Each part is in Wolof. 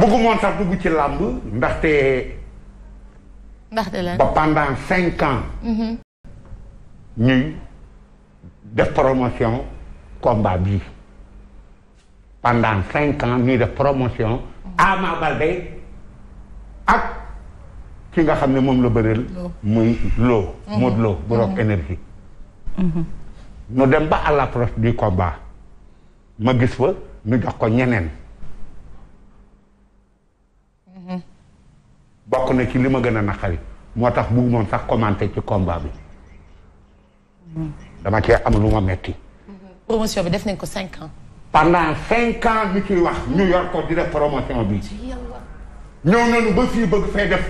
bëggumoon sax dugg ci làmb ndaxte. ndaxte la ba mhm. pendant cinq ans. ñuy def promotion combat bii pendant cinq ans ñuy def promotion. Ama Baldé ak ki nga xam ne moom la bëreel. muy loo. Mhm. Modou Lo bu Rock mhm. Énergie. ñu dem ba à l'approche du combat ma gis fa ñu jox ko ñeneen. bokk na ci li ma gën a naqari moo tax bugg moom sax commenté ci combat bi dama cee am lu ma metti def nañ ko cinq ans pendant cinq ans ñu wax ñu yor ko di def promotion bi ñëw nañu ba fii bëgg fay def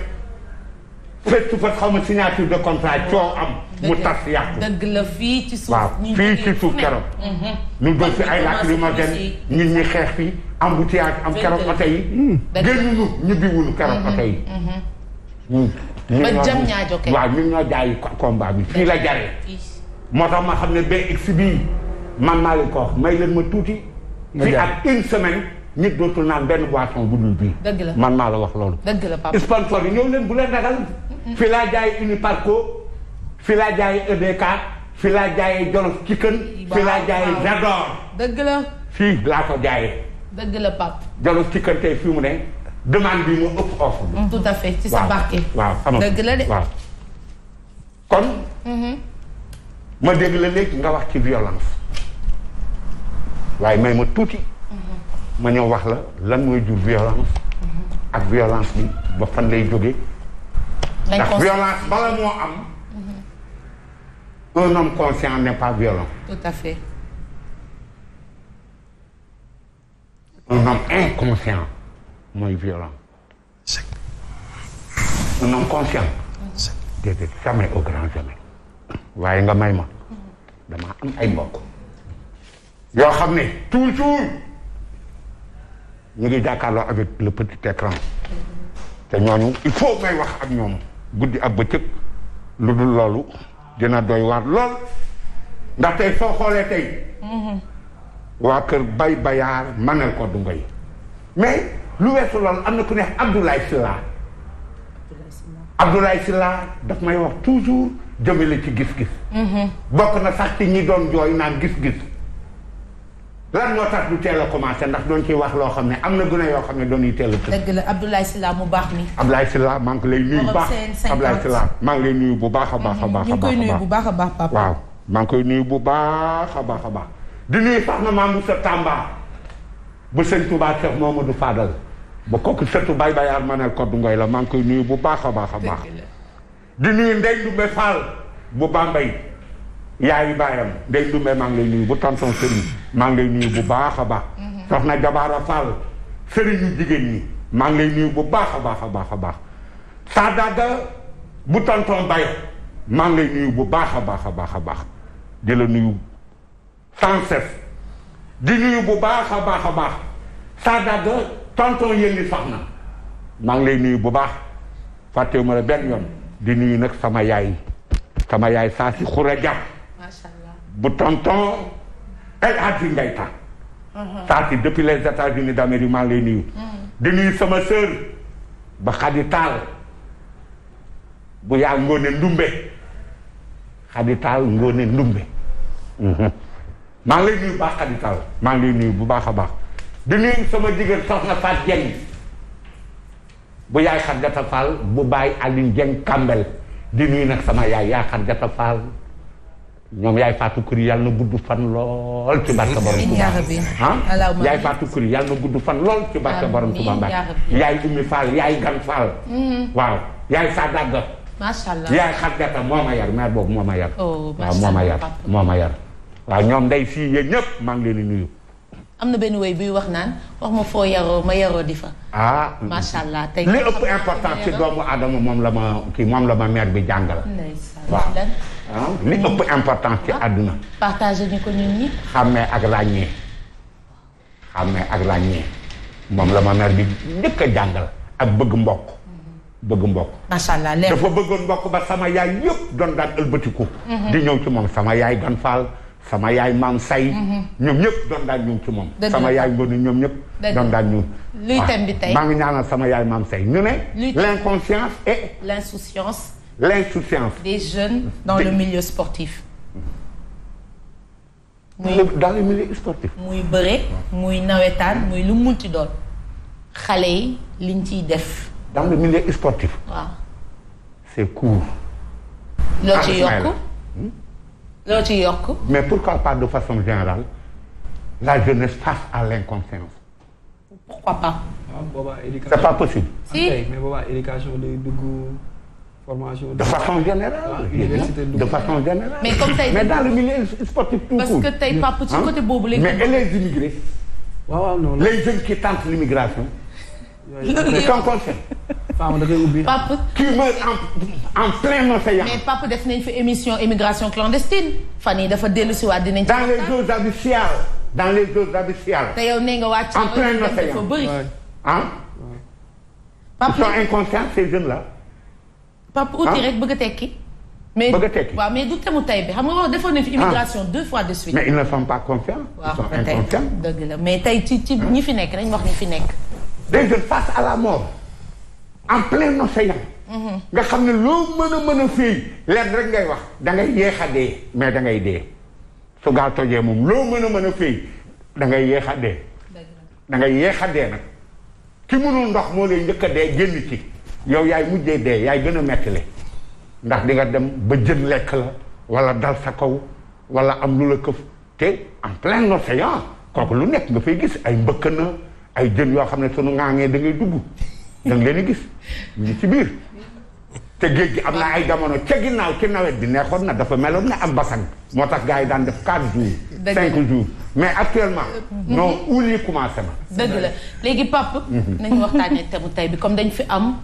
fettu fa xaw ma signature de contrat coow am. mu tas yàqu dëgg la fii ci suuf. waaw fii ci suuf keroog. Mhm. ñu doon fi ay lacrymogène ñun ñi xeex fi embouteillage am keroog oto yi. génnuñu ñibbiwuñu keroog oto yi. Mhm, mhm. Hmm. ba jëm ñaajo kay waaw ñun ñoo jaayi combat bi fii la jaree. moo tax ma xam ne BX bii man maa leen ko wax may leen ma tuuti. fii ak une semaine. nit dootul naan benn boisson bu dul bii. dëgg la man maa la wax loolu. dëgg la papa sponsor yi ñëw leen bu leen ragal. fii laa jaay Uniparco fii laa jaay EDK fii laa jaayee Jolof Chicken fi laa jaayee Jador dëgg la fii laa ko jaayee dëgg la Pape Jolof Chicken tey fii mu ne demande bi moo ëpp offre bi tout à fait ci sa barke waaw xam nga dëgg la de waaw kon mm-hmm. ma dégg la léegi nga wax ci violence waaye may ma tuuti mm-hmm. ma ñëw wax la lan mooy jur violence mm-hmm. ak violence bi ba fan lay jóge ndax violence bala moo am. un homme conscient n'est pas violent. tout à fait. un homme inconscient mooy violent. un homme conscient. déedéet jamais au grand jamais. waaye nga may ma. damaa am ay mbokk. yoo xam ne toujours ñu ngi jàkkaarloo avec le petit écran te ñooñu il faut may wax ak ñoom. guddi ak bëccëg lu dul loolu dina doy waar lool ndax tey soo xoolee tey mhm. waa kër bay bayaar manel ko du ngoy mais lu weesu loolu am na ku neex Abdoulaye Sylla Abdoulaye Sylla daf may wax toujours jëmale ci gis-gis mhm. bokk na sax ci ñi doon jooy naan gis-gis lan moo tax du teel a commencé ndax doon ciy wax loo xam ne am na gën a yoo xam ne doon yu teel a tëdd. dëgg la Abdoulaye Sylla mu baax mi. Abdoulaye Sylla maa ngi lay nuyu bu baax Abdoulaye Sylla maa ngi lay nuyu bu baax a baax a baax. ñu ngi koy nuyu bu baax a baax papa. waaw maa ngi koy nuyu bu baax a baax a baax. di nuyu sax na maam Moussa Tamba ba sëñ Touba Cheikh Momadou Fadal ba kooku sëtu Baye Baye Armanel Kodou Ngoy la maa ngi koy nuyu bu baax a baax a baax. di nuyu Ndeye Ndoumbe Fall bu Bambey yaay baayam day dumbee maa ngi lay nuyu bu tonton Serigne maa ngi lay nuyu bu baax a baax mhm. soxna Jabaara Fall sëriñu jigéen ñi maa ngi lay nuyu bu baax a baax a baax a baax Sadaga bu tonton Baye maa ngi lay nuyu bu baax a baax a baax a baax di la nuyu sans cesse di nuyu bu baax a baax a baax Sadaga tonton yëngi sax na maa ngi lay nuyu bu baax fàttewuma la benn yoon di nuyu nag sama yaay sama yaay saa si xura jàpp bu tonton El Hadji Ngayta saa si depuis les États-Unis d'Amérique maa ngi lay nuyu uh-huh. di nuyu sama sœur ba Khady bu yaa Ngone Ndumbe Khady Tall Ndumbe uh-huh. maa ngi lay nuyu baax Khady Tall maa bu baax a baax di sama jigéen soxna Faat Jeng bu yaay Khadijata Fall bu baay Aline Jeng Kambel di nag sama yaay yaa Khadijata Fall ñoom yaay Fatou Kuri yàlla na gudd fan lool ci barke borom Touba ah yaay Fatou Kuri yàlla gudd fan lool ci barke borom Touba Mbacke yaay Oumy Fall yaay Gan Fall mm-hmm. yaay Sadaga macha allah yaay Xadgata moo yar mère boobu moo ma yar oh, waaw moo waaw ñoom day fii yéen ñëpp maa ngi leen di nuyu am na benn woy buy wax naan wax ma foo yaroo ma yaroo di fa ah, macha allah tey li ci doomu aadama moom la ma kii moom la bi jàngal li ëpp importance ci àdduna. partagé ñu ko ñun ñi. xàmmee ak ràññee. xàmmee ak ràññee. moom la ma mère bi njëkk a jàngal. ak bëgg mbokk. bëgg mbok macha allah dafa bëggoon mbokk ba sama yaay yëpp doon daan ëlbatiku. Mhm. di ñëw ci moom sama yaay gan faal. sama yaay maam say. Mhm. ñoom ñëpp doon daan ñëw ci moom. sama yaay ngoon ñoom ñëpp. doon daan ñëw. luy maa ngi ñaanal sama yaay maam say ñu ne. l'inconscience et l'insouciance l'insouciance des jeunes dans des... le milieu sportif. muy dans le milieu sportif. muy bëre muy nawetaan muy lu munti doon xale yi liñ ciy def. dans le milieu sportif. waaw. c'est court. loo ah, ci yokk hmm? loo ci yokk. mais pourquoi pas de façon générale la jeunesse face à l'inconscience. pourquoi pas. Ah, c'est pas possible. si mais booba éducation day dugg. formation de façon générale. de façon générale. mais comme tey mais dans le milieu sportif tout court. parce que tey papa ci côté boobu mais et les immigrés. waaw non les jeunes qui tentent l'immigration. mais qu'en conseil. da koy ubbi. papa qui meurt en en plein océan. mais papa def nañ émission immigration clandestine fan dafa dellusiwaat dinañ. ci dans les eaux abyssales. dans les eaux abyssales. te nga wàcc. en plein océan dafa bëri. ah. ils sont inconscients là. papa uti ah. rek bëgg a tekki. mais bëgg a tekki waaw mais du temu tay bi xam nga defoon nañu fi ah. immigration deux fois de suite. mais ils ne sont pas confiants. ils dëgg la mais tey ci ci ah. ñi fi nekk dañu wax ñi fi nekk. des jeunes face à la mort en plein océan. Mhm. nga xam ne loo mën a mën a fii leen rek ngay wax da ngay yéex dee mais da ngay dee su gaa tojee moom loo mën a mën a fii da ngay yéex a dee. da ngay yéex a dee nag ki mënul ndox moo lay njëkk dee génn ci. yow yaay mujjee dee yaay gën a mettile ndax di nga dem ba jën lekk la wala dal sa kaw wala am lu la këf te en plein océan kooku lu nekk nga fay gis ay mbëkk na ay jën yoo xam ne sunu ŋaaŋee da ngay dugg da nga leen gis ngi ci biir te géej gi am na ay jamono ca ginnaaw ci nawet bi neexoon na dafa meloon na am basan moo tax gaa yi daan def 4 jours. cinq jours mais actuellement. Mhm. non où li commencé na. dëgg la léegi Pape. Mhm. nañu waxtaanee thème mu tey bi comme dañ fi am.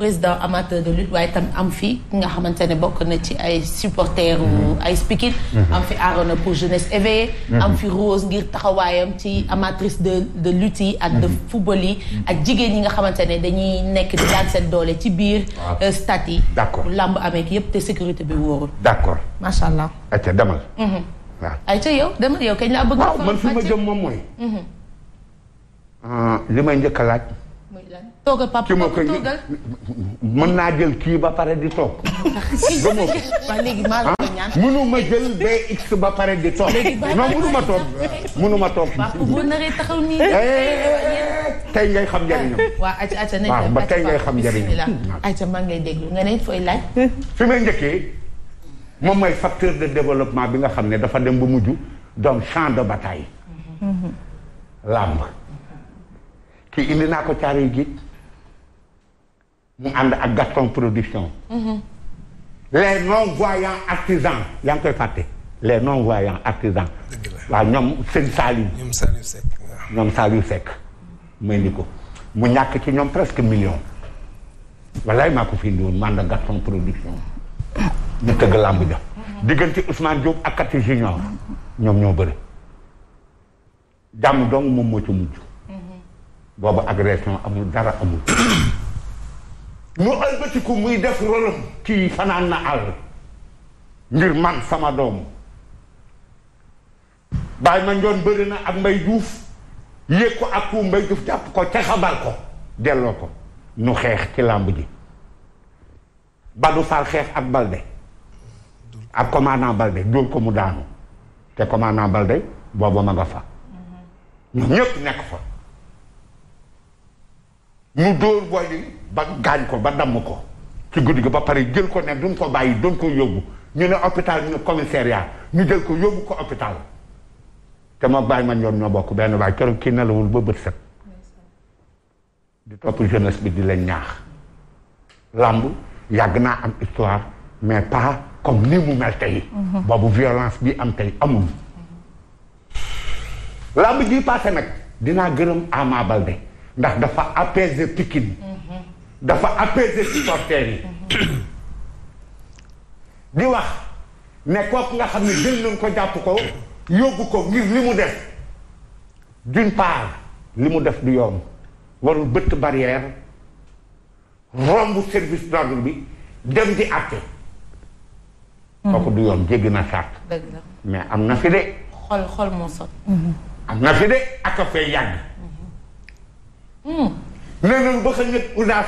président amateur de lutte waaye tam am fi ki nga xamante ne bokk na ci ay supporters ay mhm. Pikine mhm. am fi Arona pour jeunesse éveillée mhm. am fi Rose ngir taxawaayam ci amatrice de de lutte yi ak de football yi ak jigéen ñi nga xamante ne dañuy nekk di daan seen doole ci biir euh, stade yi d'accord làmb ameek yépp te sécurité bi wóorul d'accord macha allah ayca demal waaw ayca yow demal yow kañ laa bëgg waaw man fi ma jëm moom mooy euh, li may njëkk a laaj toogal papa papa toogal mën naa jël kii ba pare di toog. gëmoo ko waaw léegi maa la ko ñaan. Ah, mënu ma jël BX ba pare di toog. léegi bàyyi non mënu ma toog mënu ma toog. waaw bu naree taxaw nii. Eh, tey ngay xam njëriñam. waaw ayca ayca nañ la ba tey ngay xam njëriñam. ayca maa ngay déglu nga ne fooy laaj. fi may njëkkee moom mooy facteur de développement bi nga xam ne dafa dem ba mujj doon champ de bataille. Mm-hmm. làmb. te indi naa ko caare yi géej mu ànd ak Gaston production. Mhm. les non voyants artisans. yaa ngi koy fàtte les non voyants artisans. waaw ñoom sëñ Salim. ñoom Saliou Seck mu indi ko mu ñàkk ci ñoom presque million. wallaay maa ko fi indi woon mu ànd ak Gaston production ñu tëgg làmb ja mhm. diggante Ousmane Diop ak Kati Junior ñoom ñoo bëri. jàmm dong moom moo ci mujj. boobu agression amul dara amul mu albatiku muy def rolam kii fanaan na àll ngir man sama doom bàyyi ma njoon bëri na ak mbay juuf yéeg ko ak ku mbay juuf jàpp ko ca xabar ko delloo ko nu xeex ci làmb ji Badou Fall xeex ak Balde ak commandant Balde dóor ko mu daanu te commandant Balde boobu ma nga fa mhm. ñoom nekk fa ñu dóor booy ba gaañ ko ba damm ko ci guddi gi ba pare jël ko ne duñ ko bàyyi doon ko yóbbu ñu ne hôpital ñu ne yaa ñu jël ko yóbbu ko hôpital te ma bàyyi ma ñoom ñoo bokk benn baay keroog kii nelawul ba bët set di topp jeunesse bi di leen ñaax làmb yàgg naa am histoire mais pas comme ni mu mel tey mhm. boobu violence bi am tey amul làmb ji passé nag dinaa gërëm Ama Baldé ndax dafa apaiser Pikine mhm. dafa apaiser supporters yi di wax ne kooku nga xam ne jël nañ ko jàpp ko yóbbu ko ngir li mu def d'une part li mu def du yomb warul bëtt barrière romb service d'ordre bi dem di àtte mhm. kooku du na sàkk mais am na fi de am na fi de a fee léeg-léeg hmm. ba xëy na